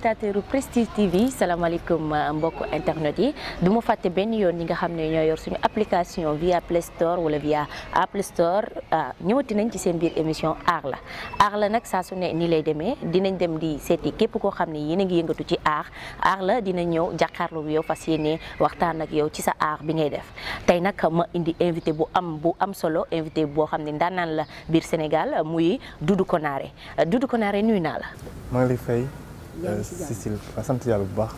téléspectateur Prestige TV salaamaaleykum euh, mbokk internet yi du ma fàtte benn yoon ñi nga xam ne ñoo yor suñu application via Play Store wala via Apple Store euh, ñëwati nañ ci seen biir émission aar la aar la nag saa su ne nii lay demee dinañ dem di seeti képp koo xam ne yéen a ngi yëngatu ci aar aar la dina ñëw jàkkaarloo yow fas yéene waxtaan ak yow ci sa aar bi ngay def tey nag ma indi invité bu am bu am solo invité boo xam ne ndaanaan la biir Sénégal muy Doudou Konaré Doudou Konaré nuyu naa la. Euh, Cécile waaw ah, sant yàlla bu baax.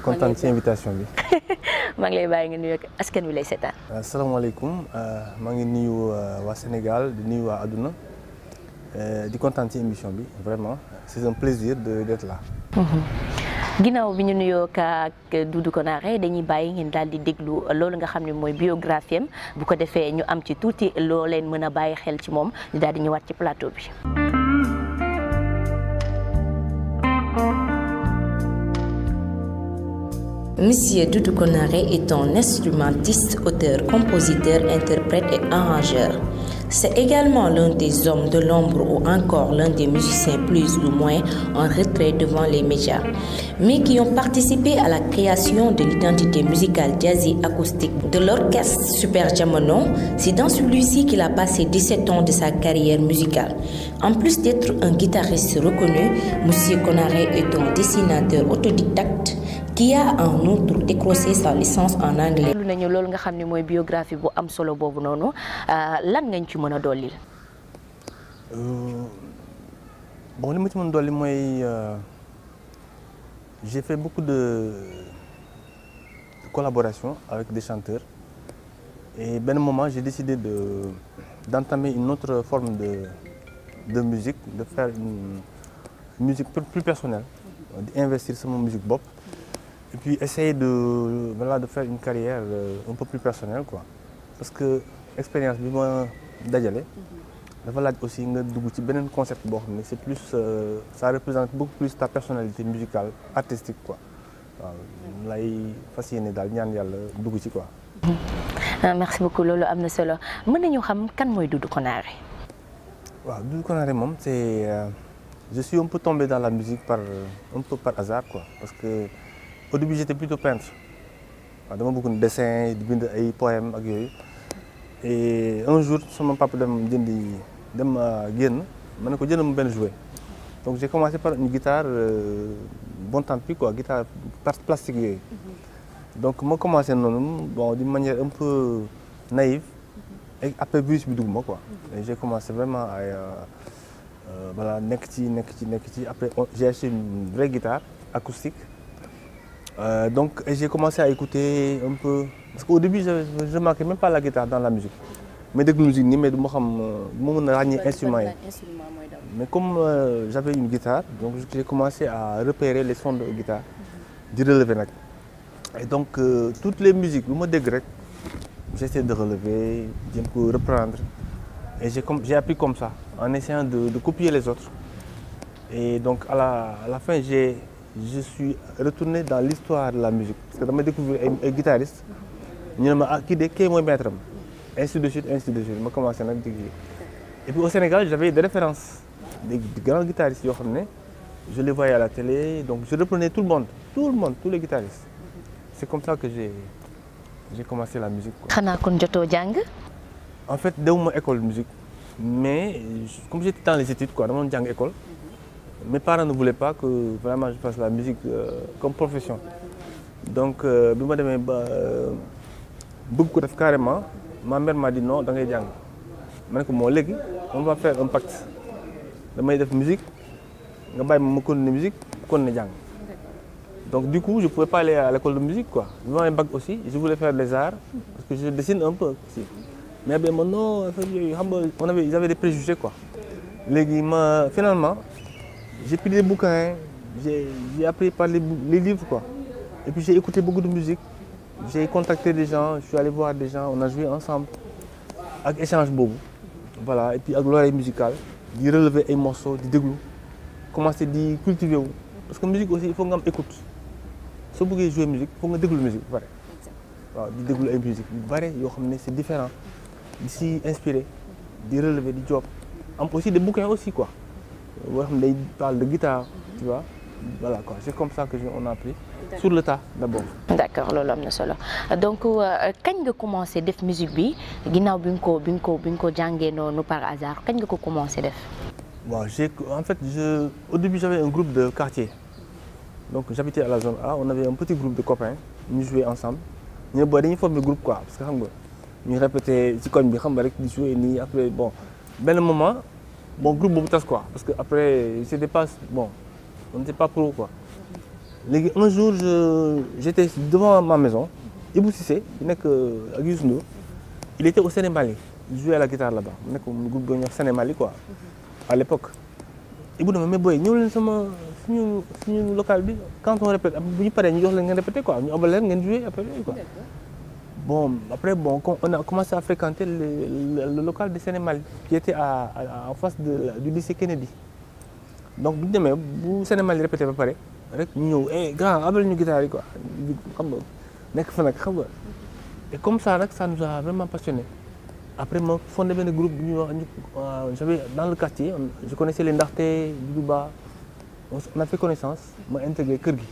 kontaan ci invitation bi. maa ngi lay bàyyi nga nuyu askan wi lay seetaan. Euh, asalaamaaleykum euh, maa ngi nuyu waa Sénégal di nuyu waa Aduna. di kontaan ci émission bi vraiment c'est un plaisir de d'être là. ginnaaw bi ñu nuyoo ak Doudou Konaré dañuy bàyyi ngeen daal di déglu loolu nga xam ne mooy biographie am bu ko defee ñu am ci tuuti loo leen mën xel ci di ci plateau bi. Monsieur Doudou Konaré est un instrumentiste, auteur, compositeur, interprète et arrangeur. C'est également l'un des hommes de l'ombre ou encore l'un des musiciens plus ou moins en retrait devant les médias, mais qui ont participé à la création de l'identité musicale jazzy acoustique de l'orchestre Super Jamono. C'est dans celui-ci qu'il a passé 17 ans de sa carrière musicale. En plus d'être un guitariste reconnu, M. Konaré est un dessinateur autodidacte qui a en outre décroché sa licence en anglais. Nous biographie euh, euh, bon euh, j'ai fait beaucoup de collaborations avec des chanteurs et un moment j'ai décidé de d'entamer une autre forme de de musique, de faire une musique plus personnelle, d'investir sur mon musique pop et puis essayer de, de faire une carrière euh, un peu plus personnelle. Quoi. Parce que l'expérience du moins d'aller, voilà aussi un concept mais c'est plus, euh, ça représente beaucoup plus ta personnalité musicale, artistique. Quoi. Euh, merci beaucoup Lolo Amnesolo. kan du coup, c'est euh, je suis un peu tombé dans la musique par euh, un peu par hasard quoi parce que au début j'étais plutôt peintre waaw dama de dessins, dessins de poèmes. et un jour mon papa dem jëndi dem euh, génn ma dit que je ma bien jouer. donc j'ai commencé par une guitare bon bon pis, quoi guitare plastique mhm. donc j'ai commencé bon d'une manière un peu naïve après bus bi j'ai commencé vraiment à... Euh, euh, voilà après j'ai acheté une vraie guitare acoustique. Euh, donc j'ai commencé à écouter un peu parce qu'au début je ne manquais même pas la guitare dans la musique mais que musique ni mais instrument mais comme j'avais une guitare donc j'ai commencé à repérer les sons de guitare mhm. et donc toutes les musiques le mot j'essaie de relever, de reprendre. Et j'ai appris comme ça, en essayant de, copier les autres. Et donc à la, fin, je suis retourné dans l'histoire de la musique. Parce que quand j'ai découvert un, guitariste, je me ah, suis dit, qui est maître Ainsi de suite, ainsi de suite. commencé à Et puis au Sénégal, j'avais des références, des, grands guitaristes. Je les voyais à la télé, donc je reprenais tout le monde, tout le monde, tous les guitaristes. C'est comme ça que j'ai j'ai commencé la musique. en fait mon école de musique mais comme j'étais dans les études quoi dans mon école mes parents ne voulaient pas que vraiment je fasse la musique euh, comme profession donc euh, bi ma demee ba euh, carrément ma mère m'a dit non da ngay faire Mais musique. ko moo on va faire un pacte de la musique nga bàyyi ma ma continuer musique la musique. Donc du coup, je ne pouvais pas aller à l'école de musique. quoi. voulais un bac aussi, je voulais faire des arts, parce que je dessine un peu aussi. Mais non, ils avaient des préjugés. quoi. Finalement, j'ai pris des bouquins, j'ai appris par les, livres. quoi. Et puis j'ai écouté beaucoup de musique, j'ai contacté des gens, je suis allé voir des gens, on a joué ensemble, avec Échange Bobo. Voilà, et puis avec gloire musicale, j'ai relevé un morceau, de déglou, commencer à cultiver. Parce que la musique aussi, il faut qu'on écoute soo bouger jouer musique foog nga la musique bu bare waaw di déglu musique yu bare yoo c'est différent di inspiré di relever di job En aussi des bouquins aussi quoi boo xam ne parle de guitare tu vois voilà quoi c'est comme ça que on a appris sur le tas d'abord d'accord l'homme am solo donc quand euh, vous commencez def musique bi ginnaaw bi nga ko bi ko bi ko par hasard Quand nga ko commencé def j'ai en fait je au début j'avais un groupe de quartier donc j'habitais à la zone A on avait un petit groupe de copains nous jouer ensemble ñu ne booy dañuy former groupe quoi parce que xam nous répétait répété ci bi xam rek di jouer après bon benn moment bon groupe boobu tas quoi parce que après c'était pas bon on n'était pas pro quoi. un jour je j'étais devant ma maison Ibou Sissé, bi était ak il était au il jouait à la guitare là-bas mu nekk groupe bu quoi à l'époque Ibou dama mais boy, nous sama suñu suñu local bi quand on répète bu ñu paree ñu jox leen ngeen quoi ñu obal les jouer après quoi. bon après bon on a commencé à fréquenter le, le, le local de Senemal qui était à, à en face de, du lycée Kennedy donc bu ñu demee bu Sénémal yi répété ba nous rek ñu ñëw eh, grand abal ñu guitare quoi xam nga nekk fa et comme ça nag ça nous a vraiment passionné après ma fondé un groupe bu euh, j'avais dans le quartier je connaissais les Ndaxte Duba on a fait connaissance, on a intégré Kirby.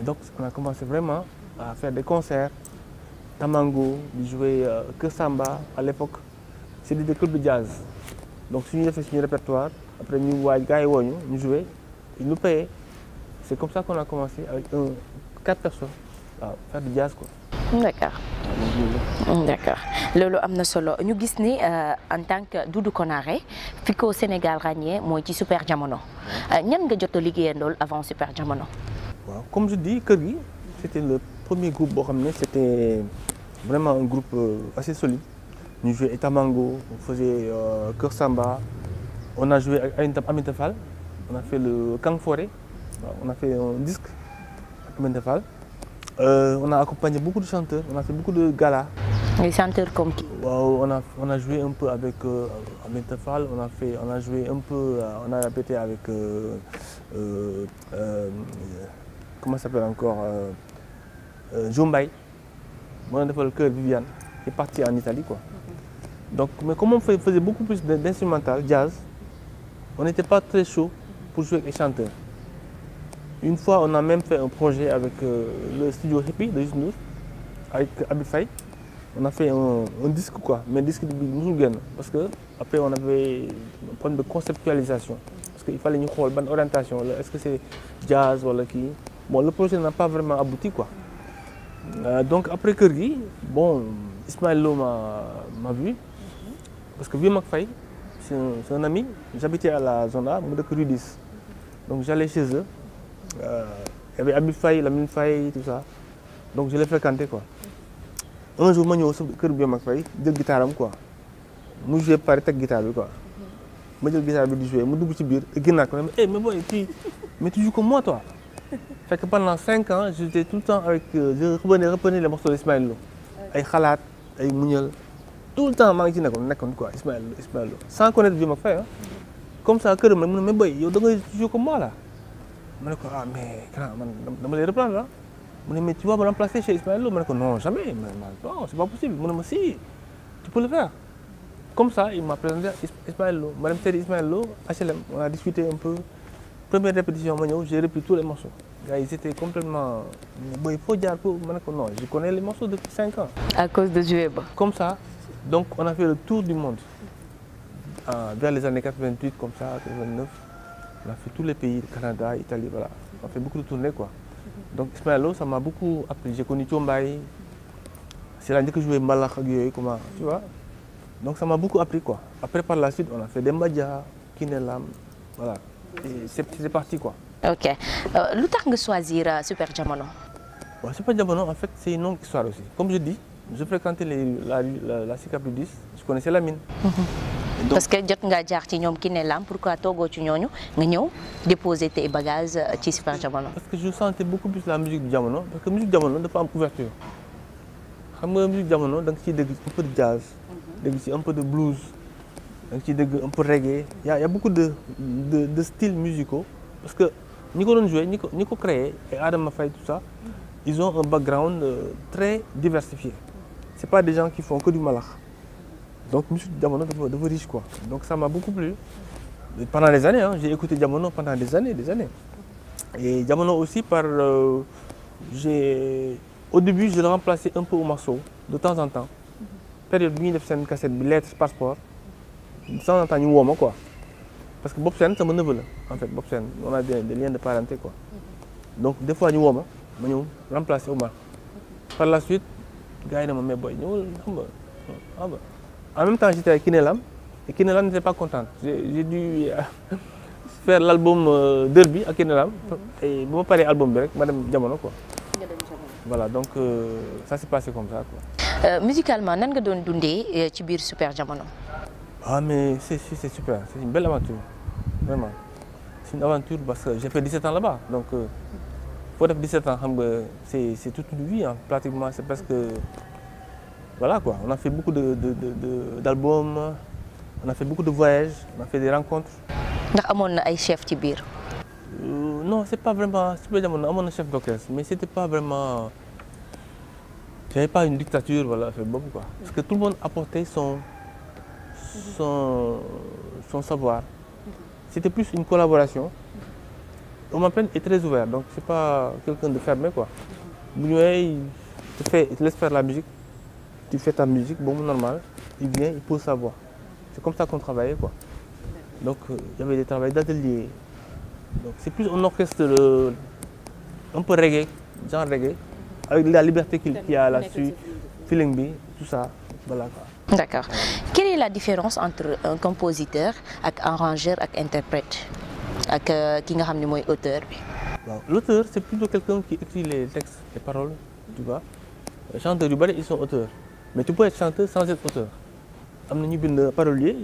donc on a commencé vraiment à faire des concerts, Tamango, jouer euh, que samba à l'époque. C'était des clubs de jazz. Donc si nous fait un répertoire, après nous avons nous jouer, ils nous payaient. C'est comme ça qu'on a commencé avec quatre personnes à faire du jazz. D'accord. Mm, d'accord nous amna euh, en tant que Doudou Konaré puis Sénégal nous avons ci super jamono euh, ñan nga jot a avant super jamono. comme je dis c'était le premier groupe boo xam c'était vraiment un groupe euh, assez solide Nous joué Etamango on faisait Cœur Samba on a joué à à Fall on a fait le Kang Foré on a fait un disque à Mentefal. Euh, on a accompagné beaucoup de chanteurs, on a fait beaucoup de galas. Les chanteurs comme qui on a, joué un peu avec euh, on a, on a joué un peu, euh, on a répété avec. Euh, comment ça s'appelle encore Jumbai. On a fait le cœur Viviane, est parti en Italie. mais comme on faisait beaucoup plus d'instrumental, jazz, on n'était pas très chaud pour jouer avec les chanteurs. Une fois, on a même fait un projet avec euh, le studio Happy de Jusnour, avec Abid On a fait un, disque, quoi, mais un disque de Moussoulgan. Parce que, après, on avait un problème de conceptualisation. Parce qu'il fallait une orientation. Est-ce que c'est jazz ou voilà, qui Bon, le projet n'a pas vraiment abouti, quoi. Euh, donc, après Kurgi, bon, Ismaël m'a vu. Parce que vu Macfay, c'est un, ami, j'habitais à la zone A, de 10. Donc, j'allais chez eux euh, il y avait Abid Faye, Lamine Faye, tout ça. Donc je l'ai fréquenté quoi. Un jour, je suis venu au club de Faye, deux guitares quoi. Nous jouais par tête guitare quoi. Je jouais guitare de jouer, je suis venu au club de Hey, mais bon, puis, mais tu joues comme moi toi. Fait que pendant 5 ans, j'étais tout le temps avec. Euh, je reprenais, reprenais les morceaux d'Ismaël Lo. Avec Khalat, avec Mouniel. Tout le temps, je suis venu quoi, Ismaël Lo. Sans connaître Vieux Faye. Hein. Comme ça, je me suis dit, mais boy, tu joues comme moi là. Je me ko ah mais je reprendre mais tu vas me remplacer chez Ismaël Lo ma dit non jamais mais non c'est pas possible Je me ma si tu peux le faire comme ça il m'a présenté Ismaël Madame ma Ismaël HLM on a discuté un peu première répétition j'ai repris tous les morceaux ils étaient complètement Il faut dire que non je connais les morceaux depuis 5 ans. à cause de Djueba. comme ça donc on a fait le tour du monde ah, vers les années 88 comme ça 89. On a fait tous les pays, Canada, Italie, voilà. On a fait beaucoup de tournées, quoi. Donc, Ismaël ça m'a beaucoup appris. J'ai connu Thombay, C'est l'année que je jouais Malak, comment, tu vois. Donc, ça m'a beaucoup appris, quoi. Après, par la suite, on a fait des Madja, Kinelam, voilà. Et c'est parti, quoi. Ok. Euh, de choisir euh, Super Djamono Super Djamono, en fait, c'est une longue histoire aussi. Comme je dis, je fréquentais la, la, la, 10, je connaissais la mine. Mhm parce que jot nga jaar ci ñom ki ne pourquoi tu ci ñoñu nga déposer tes bagages euh, ci Super Jamono. parce que je sentais beaucoup plus la musique du jamono parce que musique jamono pas am couverture xam nga musique jamono dang ci un peu de jazz. dégg ci un peu de blues. dang ci un peu de reggae. Il y a beaucoup de de de styles musicaux parce que ñi ko doon joué a ko créé Adam tout ça ils ont un background euh, très diversifié c'est pas des gens qui font que du malax. Donc je me suis dit Diamono de riche quoi. Donc ça m'a beaucoup plu. pendant des années, hein, j'ai écouté Diamono pendant des années, des années. Et Diamono aussi par euh, j'ai au début je remplacé un peu au morceau, de temps en temps. Période 1957, lettres, passeport. De temps en temps, nous quoi. Parce que Bob Sen, c'est mon neveu en fait, Bob Sen. On a des, liens de parenté quoi. Donc des fois nous sommes, nous au Omar. Par la suite, gars, il m'a boy, nous, sommes. En même temps, j'étais à Kinelam. Et Kinelam n'était pas contente. J'ai dû euh, faire l'album euh, Derby à Kinelam. Mhm. Et bon, parler album direct, Madame Diamono. Quoi. Voilà, donc euh, ça s'est passé comme ça. Quoi. musicalement, qu'est-ce que tu dundé ci Super Diamono Ah mais c'est c'est super, c'est une belle aventure. Vraiment. C'est une aventure parce que j'ai fait 17 ans là-bas. Donc pour 17 ans, c'est toute une vie hein, pratiquement, c'est parce que voilà quoi, on a fait beaucoup d'albums, de, on a fait beaucoup de voyages, on a fait des rencontres. Est-ce un euh, Non, c'est pas vraiment. C'est pas vraiment un chef d'orchestre, mais c'était pas vraiment. pas une dictature, voilà, c'est bon quoi. Parce que tout le monde apportait son, son, son savoir. C'était plus une collaboration. On m'appelle est très ouvert, donc c'est pas quelqu'un de fermé quoi. il te, fait, laisse faire la musique tu fais ta musique, bon, normal, il vient, il pose sa voix. C'est comme ça qu'on travaillait, quoi. Donc, euh, il y avait des travaux d'atelier. Donc, c'est plus un orchestre un peu reggae, genre reggae, avec la liberté qu'il y a là-dessus, feeling tout ça, voilà D'accord. Quelle est la différence entre un compositeur, un arrangeur, un interprète, avec qui est auteur L'auteur, c'est plutôt quelqu'un qui écrit les textes, les paroles, tu vois. Les euh, chanteurs du ballet, ils sont auteurs mais tu peux être chanteur sans être auteur Il y ñu bind parolier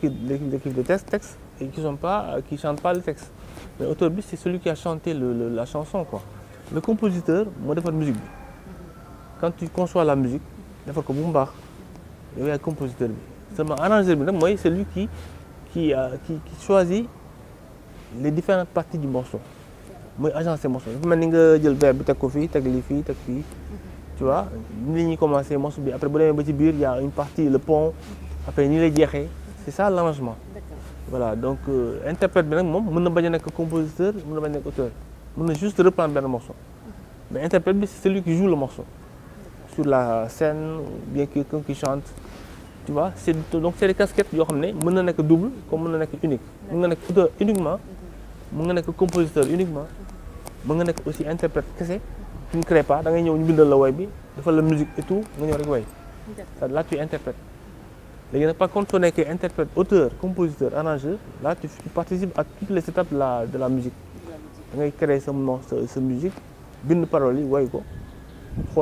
yu l'équipe de texte texte et qui ne chantent pas le texte mais auteur c'est celui qui a chanté le, la chanson quoi le compositeur moo la musique quand tu conçois la musique il ko bu mu baax compositeur bi seulement arrangeur bi nag qui euh, qui, qui choisit les différentes parties du morceau mooy agencer morceau dafa mel ni nga jël verre bi teg ko fii teg lii fii teg fii tu vois ni la morceau après bu y a une partie le pont après ni les jeexee c'est ça l'arrangement voilà donc euh, interprète bi ne suis pas na compositeur je ne suis pas auteur juste juste reprendre le morceau mais interprète c'est celui qui joue le morceau sur la scène bien quelqu'un qui chante tu vois c'est donc c'est les casquettes je ne suis pas double comme mën suis unique je nga auteur uniquement mën pas un compositeur uniquement je suis aussi interprète qu'est c'est tu ne crées pas da ngay ñëw ñu bindal la woy bi dafa la musique et tout nga ñëw rek woy ça là tu interprètes léegi par contre soo nekkee interprète auteur compositeur arrangeur là tu participes à toutes les étapes de la de la musique da ngay créer sa nom ce musique bind parole, yi woy ko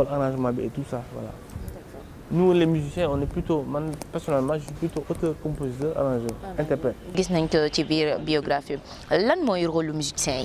arrangement bi et tout ça voilà nous les musiciens on est plutôt man personnellement je suis plutôt auteur compositeur arrangeur ah, interprète. quest nañ ko ci biir biographie lan mooy rôle du musicien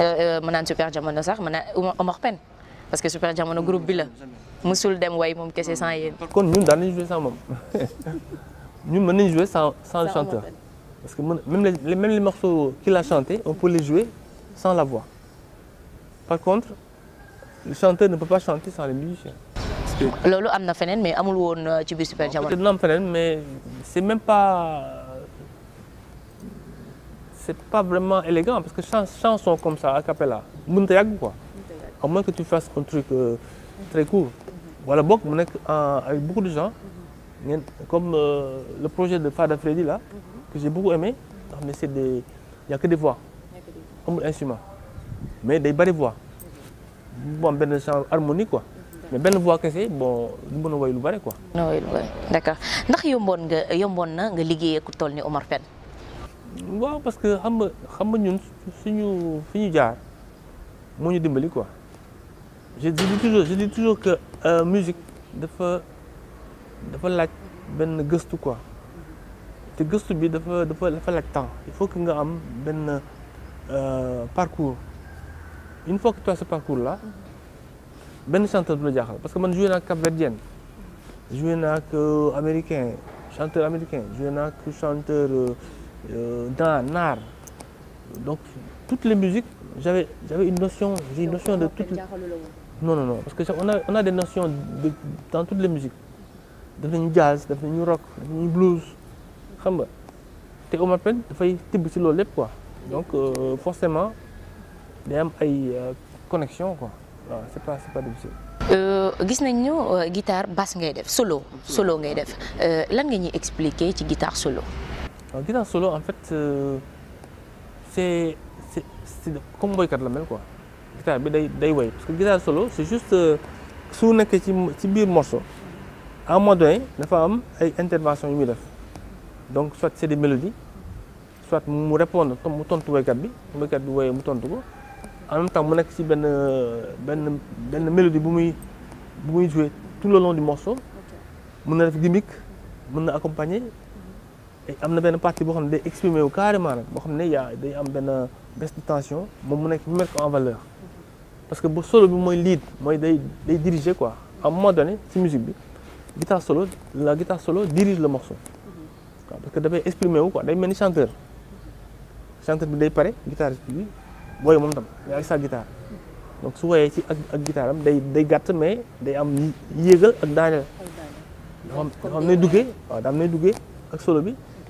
suis un super jamono sax suis naan Omar parce que super jamono groupe bi la musul dem way mom kessé sans yéen. kon ñun contre, nous, jouer sans ñun jouer sans le chanteur parce que même les morceaux qu'il a chanté on peut les jouer sans la voix par contre le chanteur ne peut pas chanter sans les musiciens. loolu amna fenen mais amul won euh, ci super jamono. c'est même pas c'est pas vraiment élégant parce que chansons comme ça, a cappella, Muntayag quoi. À moins que tu fasses un truc euh, très court. Mm-hmm. Voilà, bon, avec beaucoup de gens, mm-hmm. comme euh, le projet de Fada Freddy là, mm-hmm. que j'ai beaucoup aimé, ah, mais c'est des. Il n'y a que des voix, comme instrument. Mais des belles voix. Bon, ben, genre harmonie quoi. mais belle voix c'est bon nous on a woy quoi. d'accord ndax yomboon nga yomboon na nga liggéey ni Omar Pène wa parce que xam nga xam nga ñun suñu fi jaar moo dimbali quoi je dis toujours je dis toujours que euh, musique dafa dafa laaj ben geste quoi te geste bi dafa dafa dafa laaj temps il faut que nga am euh, parcours une fois que tu as ce parcours là ben chanteur du la parce que man joué naa capverdien joué naa américain chanteur américain joué naa chanteur. Euh, euh, dans l'art. Donc, toutes les musiques, j'avais une notion, j'ai une notion de toutes Non, non, non, parce qu'on a, on a des notions de, dans toutes les musiques. Devenu jazz, devenu rock, devenu blues. Tu sais, on m'appelle, il faut tirer sur quoi. Donc, euh, forcément, il y a une euh, connexion, quoi. C'est pas, pas difficile. Euh, nañ ñu guitare basse ngay def solo solo ngay def lan nga ñuy expliquer ci guitare solo waaw ah, guitare Solo en fait c'est uh, c'est c'est comme boykat la mel quoi guitare bi day day woy parce que guitare Solo c'est juste uh, su nekkee ci ci morceau à un moment donné dafa am ay intervention humide. def donc soit c'est des mélodies soit mu répondre comme mu tontu woykat bi woykat bi mu en même temps mu nekk ci ben benn mélodie pour muy jouer tout le long du morceau Mon na def gimmick mon na accompagner y a une partie qui est ne carrément Il y a une baisse de tension en valeur parce que le solo bi lead il quoi à un moment donné musique guitare solo la guitare solo dirige le morceau parce que d'abord exprimer quoi y chanteur chanteur bi day guitariste bi wooye Il a guitare donc su vous guitare mais am ak solo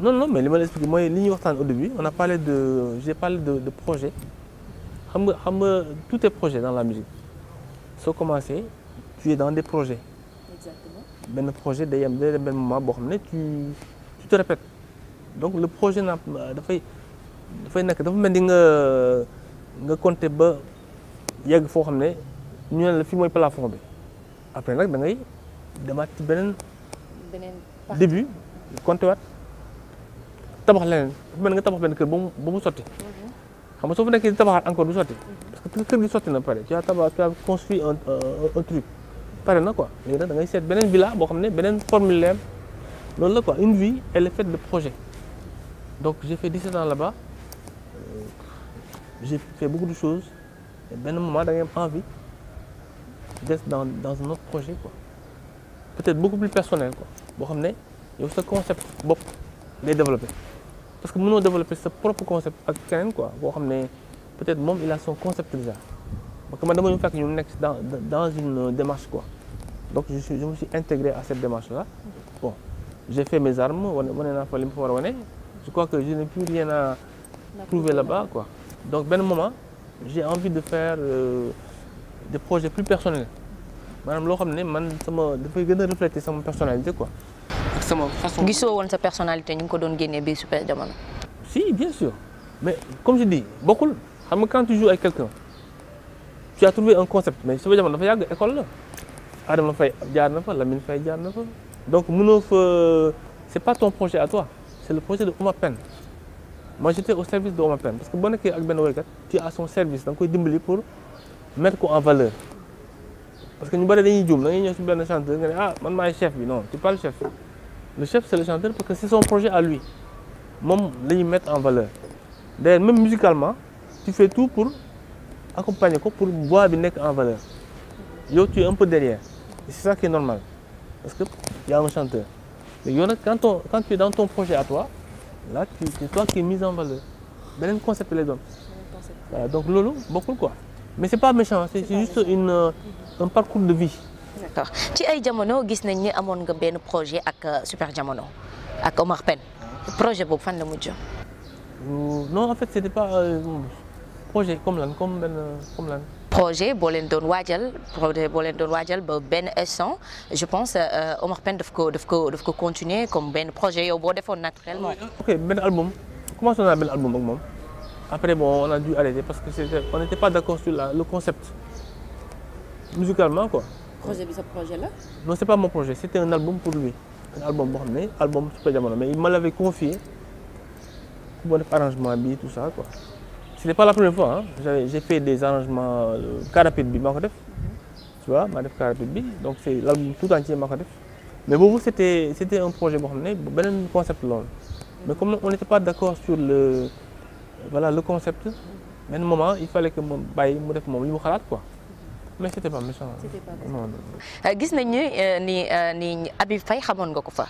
non non mais li ma expliqué moi, li au début on a parlé de j'ai parlé de de projet xam nga xam nga tout est projet dans la musique soo commencé tu es dans des projets. exactement Ben, projet day ben, ben, moment tu tu te répètes donc le projet na dafay dafay nekk dafa mel ni nga nga compter ba yegg foo xam ne ñu la fii mooy plafond bi après nag da ngay demaat ci beneen. début compter waat tabax leneen mel nga tabax benn kër ba mu ba mu sotti mhm. xam nga soo fa nekkee di tabaxaat encore du sotti parce que kër gi sotti na pare tu as tabax tu as construit un un truc pare na quoi léegi nag da ngay seet beneen villa boo xam ne beneen formulaire loolu la quoi une vie elle est faite de projet donc j'ai fait 17 ans là-bas euh, j'ai fait beaucoup de choses et benn moment da ngay am envie d'être dans dans un autre projet quoi peut-être beaucoup plus personnel quoi boo xam ne yow sa concept bopp ngay développer parce que avons développer ce propre concept à quelqu'un peut-être qu'il il a son concept déjà parce que dans une démarche quoi donc je me suis intégré à cette démarche là bon j'ai fait mes armes je crois que je n'ai plus rien à trouver là-bas quoi donc un moment j'ai envie de faire euh, des projets plus personnels Je loo xam man refléter personnalité quoi ak sama façon. gisoo sa personnalité ñu ngi ko doon génnee bi super jamono. si bien sûr mais comme je dis bokkul xam nga quand tu joues avec quelqu'un tu as trouvé un concept mais super jamono dafa yag école la Adama Faye jaar na fa Lamine fay jaar na fa donc mënoo fa c'est pas ton projet à toi c'est le projet de Omar moi j'étais au service de Omar parce que boo nekkee ak ben woykat tu à son service donc koy dimbali pour mettre ko en valeur parce que ñu bëri dañuy gens, da ngay ñëw si benn chanteur nga ne ah man maay chef bi non tu pas le chef le chef, c'est le chanteur parce que c'est son projet à lui. Même les mettre en valeur. même musicalement, tu fais tout pour accompagner, pour voir nec en valeur. Yo, tu es un peu derrière. c'est ça qui est normal. Parce qu'il y a un chanteur. Mais quand, quand tu es dans ton projet à toi, là, c'est toi qui es mis en valeur. Ben, concept, les hommes. donc, Lolo, beaucoup quoi. Mais n'est pas méchant, hein. c'est juste une, euh, un parcours de vie d'accord Tu as dit que tu ni un projet avec euh, Super Jamono Avec Omar PEN. Le projet boobu fan la mujj. Euh, non en fait ce n'était pas un euh, projet comme lan comme comme projet boo Un don projet boo leen doon ba ben instant je pense Omar PEN daf ko daf ko daf ko continuer comme ben projet yo bo defoon naturellement. ok un album comment on a ben album ak mom après bon on a dû arrêter parce que c'était on n'était pas d'accord sur le concept musicalement quoi projet projet là non c'est pas mon projet c'était un album pour lui un album boo xam album Super Jamono mais il me confié pour les arrangements arrangement bi tout ça quoi. c' pas la première fois hein j'ai fait des arrangements euh, car rapide bi mm-hmm. tu vois ma def donc c'est l'album tout entier maa mais pour vous c'était c'était un projet boo xam concept long mais comme on n'était pas d'accord sur le voilà le concept. benn moment il fallait que ma bàyyi mu def moom quoi mais c'était pas méchant. Hein. c'était pas méchant. Euh, gis nañ euh, ni euh, ni Habib Faye xamoon nga ko fa.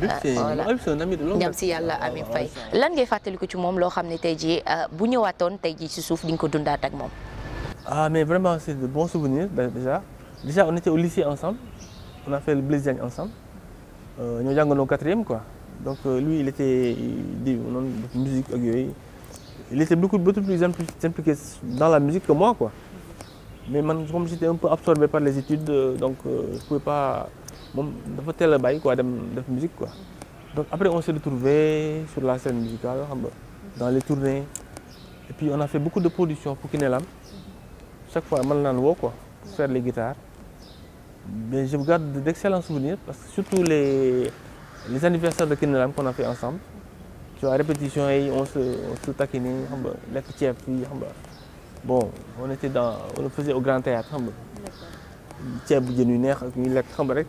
jam si yàlla Habib Faye ah, lan ngay que ci moom loo xam ne tey jii bu ñëwaatoon tey jii si suuf ko dundaat ak moom. ah mais vraiment c'est de bons souvenirs ben, déjà déjà on était au lycée ensemble on a fait le Blaise ensemble. Nous étions au quatrième quoi donc lui il était di noonu musique ak il était beaucoup beaucoup plus impliqué dans la musique que moi quoi mais comme j'étais un peu absorbé par les études euh, donc euh, je pouvais pas faire tel bail de quoi musique quoi après on s'est retrouvé sur la scène musicale dans les tournées et puis on a fait beaucoup de productions pour Kinelam chaque fois man suis en quoi pour faire les guitares mais je garde d'excellents souvenirs parce que surtout les anniversaires de Kinelam qu'on a fait ensemble tu vois répétition on se on se taquinait on bon on était dans on le faisait au grand théâtre D'accord. nga. ceeb bu jën yu neex ak ñu lekk xam rek.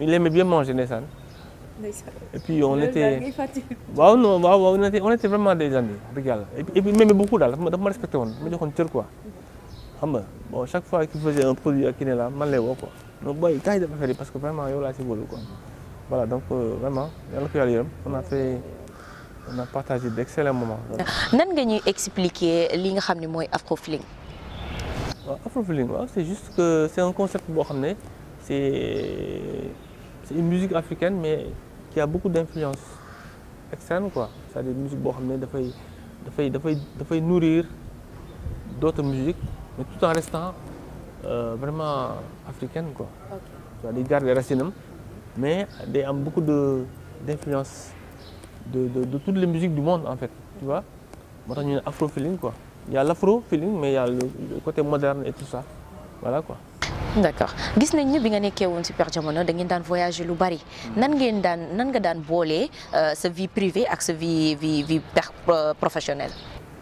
il aimait bien manger ndeysaan. et puis on était waaw non waaw waaw on était on était vraiment des amis dëgg et puis même beaucoup daal dafa ma respecté woon ma joxoon cër quoi. xam nga bon chaque fois qu'il faisait un produit à kii ne la man lay quoi donc booy kaay def affaire yi parce que vraiment yow là ci beau quoi voilà donc euh, vraiment yàlla ko yàlla yërëm on a fait on a partagé d'excellents moments. nan expliquer li nga c'est juste que c'est un concept boo c'est une musique africaine mais qui a beaucoup d'influence externe quoi cest musique nourrir d'autres musiques mais tout en restant euh, vraiment africaine quoi. garde les racines mais y a beaucoup de d'influence de, toutes les musiques du monde en fait. Tu vois Maintenant, il y a afro-feeling quoi. Il y a l'afro-feeling, mais il y a le, côté moderne et tout ça. Voilà quoi. D'accord. Gis nañ ñu bi nga nekké won ci Père da ngeen daan voyager lu bari. Nan ngeen daan nan nga daan bolé euh, sa vie privée ak sa vie vie vie euh, professionnelle.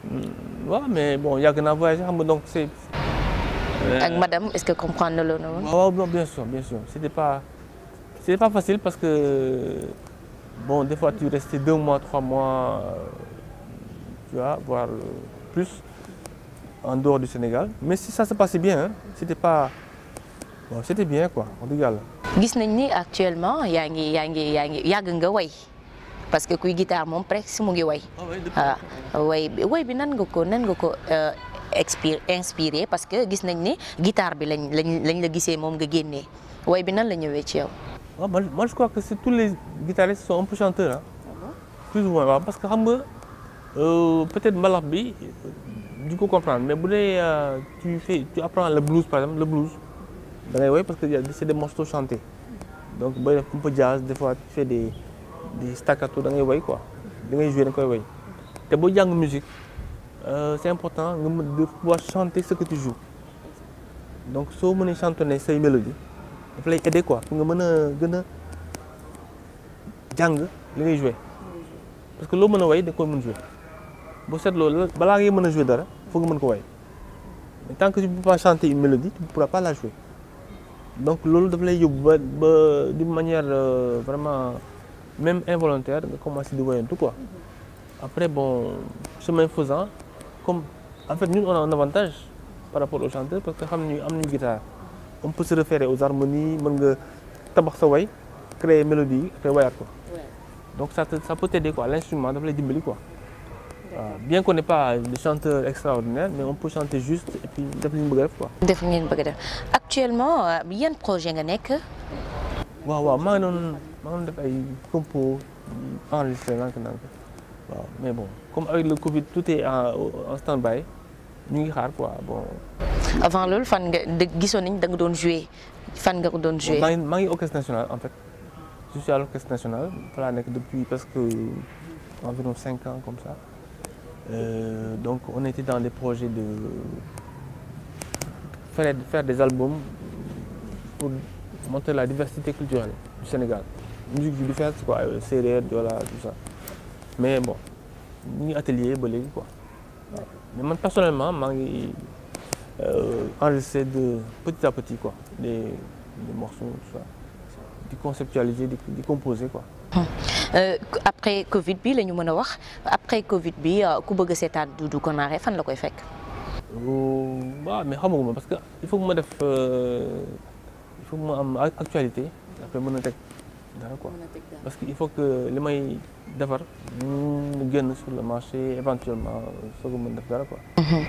Ouais, hmm, mais bon, il y a que na voyager donc c'est Et euh, madame, est-ce que comprendre le nom Oui, bien sûr, bien sûr. C'était pas c'était pas facile parce que Bon, des fois, tu restais deux mois, trois mois, euh, tu vois, voire euh, plus, en dehors du Sénégal. Mais si ça se passait bien, hein, c'était pas. Bon, c'était bien, quoi, on tout cas. gis nañ ni actuellement yaa ngi yaa ngi yaa nga way parce que kuy guitare moom presque mu ngi way ah oui, ah, way way bi nan nga ko nan nga ko euh, inspiré parce que gis nañ ni guitare bi lañ lañ lañ la gisee Oui, nga génnee way bi nan la ci yow ah, moi, je crois que c'est tous les guitaristes sont un peu chanteurs hein. ah plus ou moins parce que euh, peut-être malabi, du coup comprendre mais euh, tu apprends le blues par exemple le blues da parce que c'est des morceaux chantés donc y a un peu jazz des fois tu fais des des staccato dans les quoi da jouer dans les koy musique euh, c'est important de pouvoir chanter ce que tu joues donc soo on chantonner ces mélodie dafa lay aider quoi pour nga mën a gën a jàng li ngay parce que loo mën a way da koy mën jouer bu seetloo la balaa ngay mën a dara foog nga mën ko way mais tant que tu ne peux pas chanter une mélodie tu ne pourras pas la jouer donc loolu dafa lay yóbbu ba ba d'une manière euh, vraiment même involontaire nga commencé di woyantu quoi après bon chemin faisant comme en fait ñun on a un avantage par rapport aux chanteurs parce que xam nañu am guitare on peut se référer aux harmonies mën tabax sa way créer mélodie yi après wayaat ko donc ça ça peut t'aider quoi l'instrument dans les dimbali quoi bien qu'on n'est pas des chanteurs extraordinaires mais on peut chanter juste et puis def li ñu quoi. def li ngeen a def actuellement euh, yan projet nga nekk. waaw waaw maa ngi doon maa ngi doon def ay compo enregistré ndànk-ndànk waaw mais bon comme avec le Covid tout est en en stand by ñu ngi xaar quoi bon avant lol, fan nga de nañ fan nga ko doon orchestre national en fait je suis à l'orchestre national depuis presque environ 5 ans comme ça euh, donc on était dans des projets de faire des albums pour montrer la diversité culturelle du Sénégal musique du faire quoi séeréer euh, tout ça mais bon ni atelier ba quoi mais moi personnellement moi, euh, enregistrer de, petit à petit quoi, les, les morceaux, tout ça. déconceptualiser, décomposer quoi. Hum. euh, après Covid bi lañu mëna wax après Covid bi euh, ku bëgg sétane seetaan Doudou Konaré fan la koy fekk. bah mais xamaguma parce que il faut que ma def euh, il faut que ma am actualité après mëna a dara quoi parce que il faut que li may defar mu génn sur le marché éventuellement soo ko mën def dara quoi. Mhm.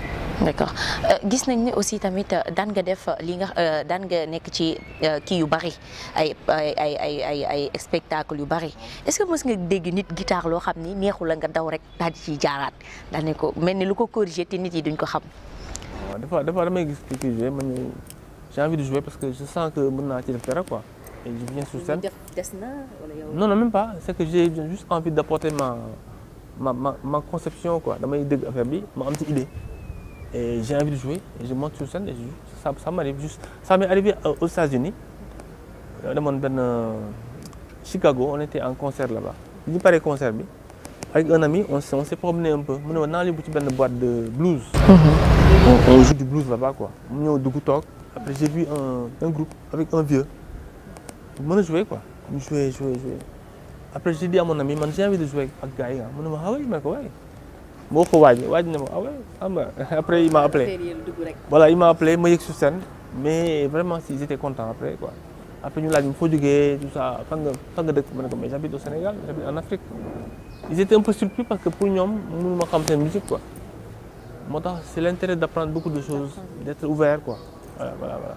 Euh, gis nañ ni aussi tamit euh, daan nga def euh, li nga daan nga nekk ci kii yu bari ay ay ay ay ay ay spectacle yu bari est-ce que nga dégg nit guitare loo xam ni neexu la nga daw rek daal di ciy jaaraat daan ne ko mel ni lu ko corriger te nit yi duñ ko xam. waaw damay gis kii kii man j'ai envie de jouer parce que je sens que mën naa ci def dara quoi. et je viens sur Non, non, même pas. C'est que j'ai juste envie d'apporter ma, ma, conception, quoi. Dans ma idée ma petite idée. Et j'ai envie de jouer, et je monte sur scène, et Ça, m'arrive juste. Ça m'est arrivé euh, aux États-Unis. Dans euh, Chicago, on était en concert là-bas. Je de concert, avec un ami, on s'est promené un peu. On est allé dans une boîte de blues. Mhm. on, joue du blues là-bas, quoi. On est au Dugutok. Après, j'ai vu un groupe avec un vieux pour mën a jouer quoi ñu jouer jouer jouer après j'ai dit à mon ami man j'ai envie de jouer ak gars yi hein. ah mu ne ma ah oui ma ko waay moo ko waaj waaj na ma ah oui ah bah. après il m'a appelé voilà il m'a appelé ma yëg sur mais vraiment si ils étaient contents après quoi après ñu laaj ma foo jógee tout ça fan nga fan nga mais j'habite au Sénégal j'habite en Afrique ils étaient un peu surpris parce que pour ñoom mënu ma xam seen musique quoi moo c'est l'intérêt d'apprendre beaucoup de choses d'être ouvert quoi voilà voilà voilà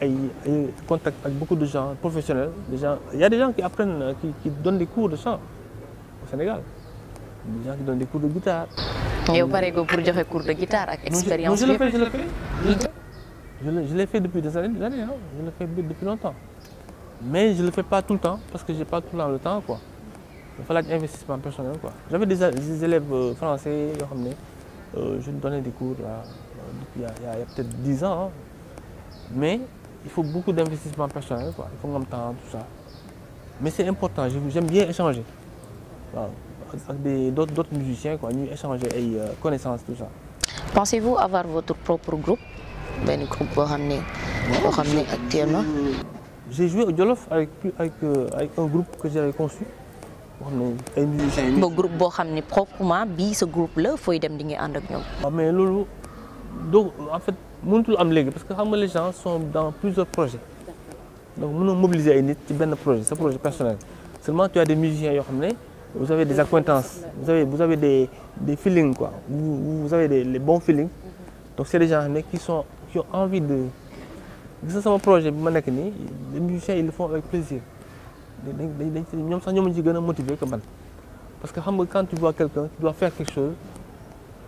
avec beaucoup de gens professionnels. Des il y a des gens qui apprennent, euh, qui, donnent des cours de chant au Sénégal. Des gens qui donnent des cours de guitare. Et vous parlez pour des cours de guitare avec expérience je, je, le fais, je le fais. Je, l'ai fait depuis des années, hein. je le fais depuis longtemps. Mais je ne le fais pas tout le temps parce que je n'ai pas tout le temps Il fallait un investissement personnel. J'avais des, élèves euh, français, euh, je donnais des cours depuis il y a, peut-être 10 ans. Hein. Mais il faut beaucoup d'investissement personnel, il faut comme temps, tout ça. Mais c'est important, j'aime bien échanger. Avec d'autres musiciens, quoi, échanger et euh, connaissances, tout ça. Pensez-vous avoir votre propre groupe Ben, groupe Bohamné, Bohamné actuellement J'ai joué au Jolof avec, euh, un groupe que j'avais conçu. Un groupe qui ramener proprement ce ce groupe là il faut que nga ah, mais en fait parce que les gens sont dans plusieurs projets donc nous mobilisons des nit ci un projet un projet personnel seulement tu as des musiciens vous avez des acquaintances vous avez vous avez des des feelings quoi vous, avez des les bons feelings donc c'est des gens qui sont qui ont envie de Ça, un projet les musiciens ils le font avec plaisir ils sont motivés parce que quand tu vois quelqu'un qui doit faire quelque chose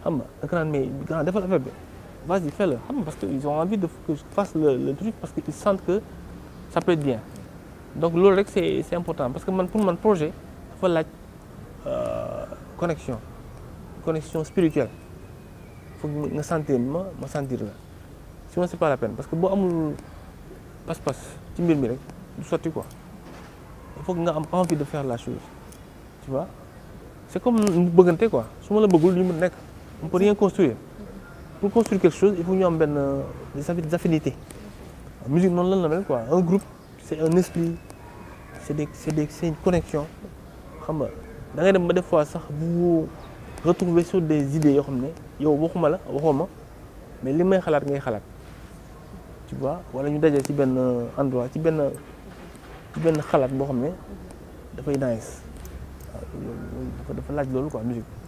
xam nga a vas-y, fais-le. Ah, parce qu'ils ont envie de, que je fasse le, truc parce qu'ils sentent que ça peut être bien. Donc, l'oreille c'est important. Parce que pour mon projet, il faut la euh, connexion, connexion spirituelle. Il faut me sentir, me, me sentir là. Sinon, ce n'est pas la peine. Parce que si on passe-passe, tu me mets, tu sortis quoi. Il faut que tu aies envie de faire la chose. Tu vois C'est comme une quoi. le on ne peut rien construire pour construire quelque chose il faut ñu am benn euh, des affinités musique non lan la mel quoi un groupe c'est un esprit c'est des c'est des c'est une connexion xam nga da ngay dem ba des fois sax bu retrouver sur des idées yoo xam ne yow waxuma la waxoo ma mais li may xalaat ngay xalaat tu vois wala ñu daje ci benn euh, endroit ci benn ci benn xalaat boo xam ne dafay nice waaw dafa dafa laaj loolu quoi musique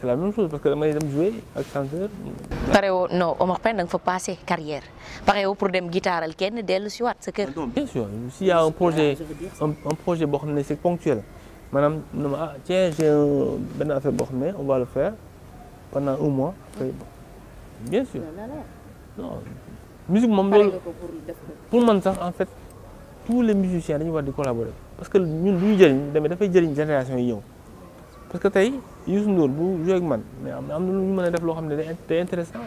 c'est la même chose parce que moi j'aime jouer avec chanteur. non Omar pas carrière Pareo pour ah, bien sûr s'il y a un projet ah, un, projet c'est ponctuel madame ah, tiens j'ai un affaire on va le faire pendant un mois bien sûr non musique pour le moment, en fait tous les musiciens vont collaborer parce que nous nous génération Parce que parce que nous, Youssou Ndour bu joué ak man mais am na lu ñu mën a def loo xam ne day intéressant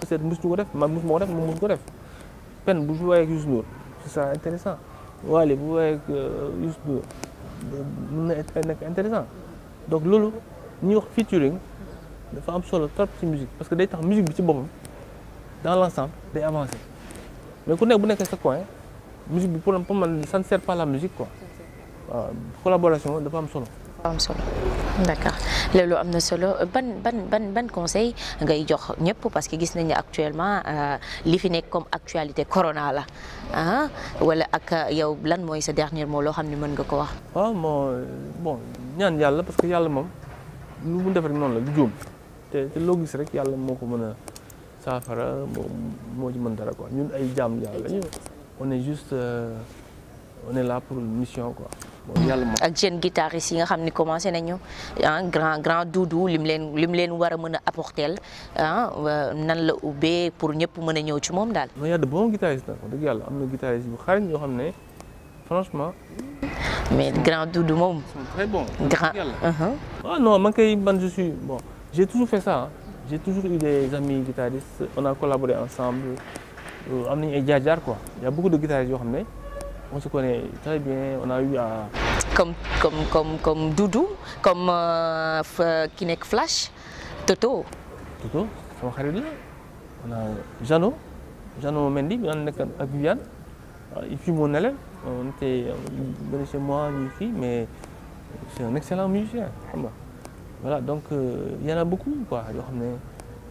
peut-être mosuñu ko def man mosu ma ko def moom mosu ko def pen bu joué ak Youssou Ndour c'est ça intéressant Wally bu joué ak euh, Youssou Ndour mën na nekk intéressant donc loolu ñuy wax featuring dafa am solo trop ci musique parce que day tax musique bi ci boppam dans l'ensemble day avancer mais ku nekk bu nekkee sa coin musique bi pour man ça ne sert pas la musique quoi waaw collaboration dafa am solo d'accord Le, solo ban ban ban ban conseil ngay parce que gis actuellement euh, li comme actualité corona la ah, wala euh, dernier mot ah, bon euh, parce que Yalla mom lu la gis rek quoi on est juste on est là pour une mission quoi ak jeune guitariste yi nga xam commencé nañu ah grand grand Doudou lim leen lim leen wara a mën apporter ah euh, nan la ubbee pour ñëpp mën ñëw ci mom dal non y a de bons guitaristes nag wax dëgg yàlla am guitariste bu xarañ yoo xamné franchement. mais grand Doudou mom ils sont très bons. grand uh-huh. ah non man kay man je suis bon j'ai toujours fait ça hein. j'ai toujours eu des amis guitaristes on a collaboré ensemble euh, amni nañu ay jaar-jaar quoi y a beaucoup de guitaristes yo xamné on se connaît très bien, on a eu à... Comme, comme, comme, comme Doudou, comme Kinek euh, Flash, Toto. Toto, sama mon on a Jano Jano Mendy, qui est à Guyane. Ah, il fut mon élève, on était chez moi, une fille, mais c'est un excellent musicien, voilà donc euh, il y en a beaucoup quoi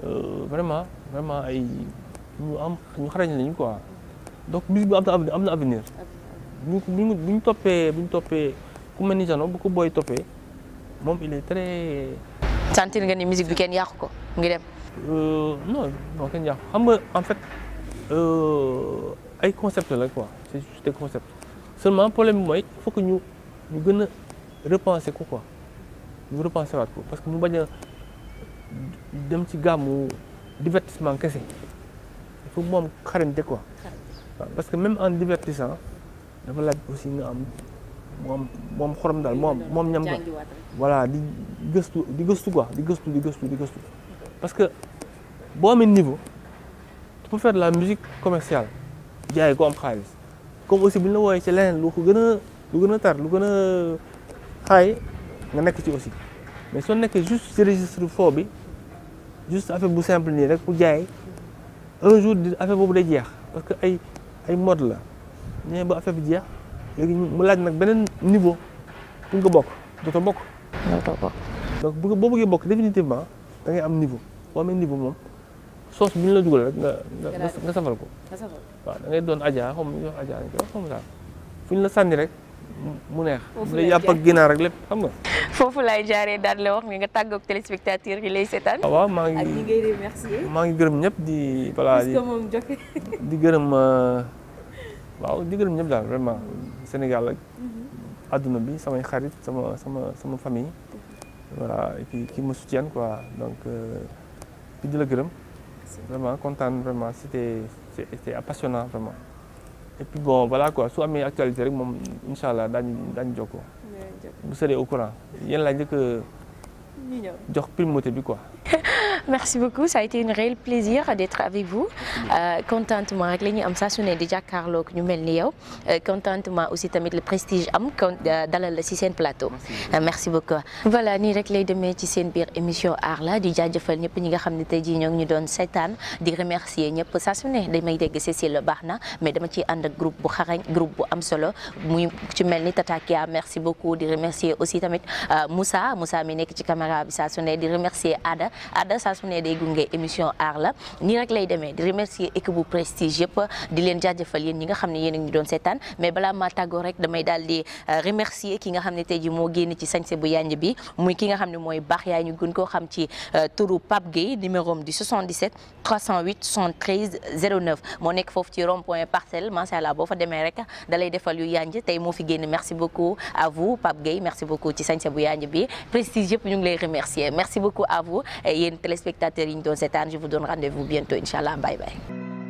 euh, vraiment vraiment nous avons am quoi donc musique à venir bu ñu bu ñu toppee bu ñu toppee ku mel ni Jano bu ko booy toppee il est très. sentir nga ni musique bi kenn yàqu ngi dem. Euh, non non kenn yàqu xam nga en fait euh, ay concept là, quoi C'est juste des concepts seulement problème bi il faut que ñu ñu gën repenser quoi, quoi Nous repenser à quoi. parce que mu bañ a dem ci gàmmu divertissement kese il faut moom xarante quoi. parce que même en divertissant dafa laaj aussi nga am moom moom xorom daal moom moom ñam daal voilà di gëstu di gëstu quoi di gëstu di gëstu di gëstu parce que boo amee niveau pour faire de la musique commerciale jaay ko am comme aussi bu ñu la wooyee ci leneen lu ko gën a lu gën tar lu gën a xaay nga nekk ci aussi mais soo nekkee juste ci registre foo bi juste affaire bu simple nii rek pour jaay un jour di affaire boobu day jeex parce que ay ay mode la nee ba affaire bi jeex léegi mu laaj nak benen niveau pour nga bokk dootoo bokk. dootoo bok donc bu boo bëggee bok définitivement da ngay am niveau wa amee niveau mom sauce bi ñu la duggal rek nga. nga safal ko. nga safal wa da ngay doon adja xom ñu wax aja xaw ma daal fu ñu la sanni rek. mu neex mu lay yap ak ginaar rek lepp xam nga. fofu lay jaaree daal la wax nga ak téléspectateur yi lay seetaan. Ah wa ma ngi ak ñi ngay remercier. maa ngi gërëm ñep di. voilà di moom di euh, waaw di gërëm ñëpp daal vraiment Sénégal ak mhm. bi samay xarit sama sama sama famille voilà et puis qui me quoi donc euh, di la gërëm vraiment kontaan vraiment c'était c'était passionnant vraiment et puis bon voilà quoi su amee actualité rek moom incha allah daañu jox ko bu seree au courant yéen laa njëkk jox primauté bi quoi merci beaucoup ça a été un réel plaisir d'être avec vous euh, contentement rek la ñuy am saa su déjà di jàkkaarloog ñu mel ni yow euh, contentement aussi tamit le prestige am kon euh, dalal ci plateau. merci beaucoup voilà ni rek lay demee ci sen biir émission ARLA. la di jaajëfal ñëpp ñi nga xamné tay ji jii ñu doon sétane di remercier ñëpp sa su ne damay dégg Cécile Bahna mais dama ci dans ak groupe bu xarañ groupe bu am solo muy ci melni Tata Kia merci beaucoup di remercier aussi tamit Moussa Moussa mi nek ci caméra bi sa su di remercier Ada Ada saa su ne émission arla. Ni nii rek lay démé di remercier équipe bu prestige yépp di len jaajëfal yéen ñi nga xamné ne ngi doon sétane mais bala ma tàggoo rek damay daal di euh, remercier ki nga xamné ne tey ji moo génn ci sañse bu bi muy ki nga xamné moy bax yaay ñu gën ko xam ci euh, touru Pape Gueye numéro 77 308 73 09 moo nekk ci rond point parcelle macha allah fa démé rek dalay défal yu yanj tay mo fi génn merci beaucoup à vous Pape Gueye merci beaucoup ci sañse bu yanj bi prestige yépp ñu ngi lay remercier merci beaucoup à vous yéen spectateurs. je vous donne rendez-vous bientôt Inch'Allah. bye bye.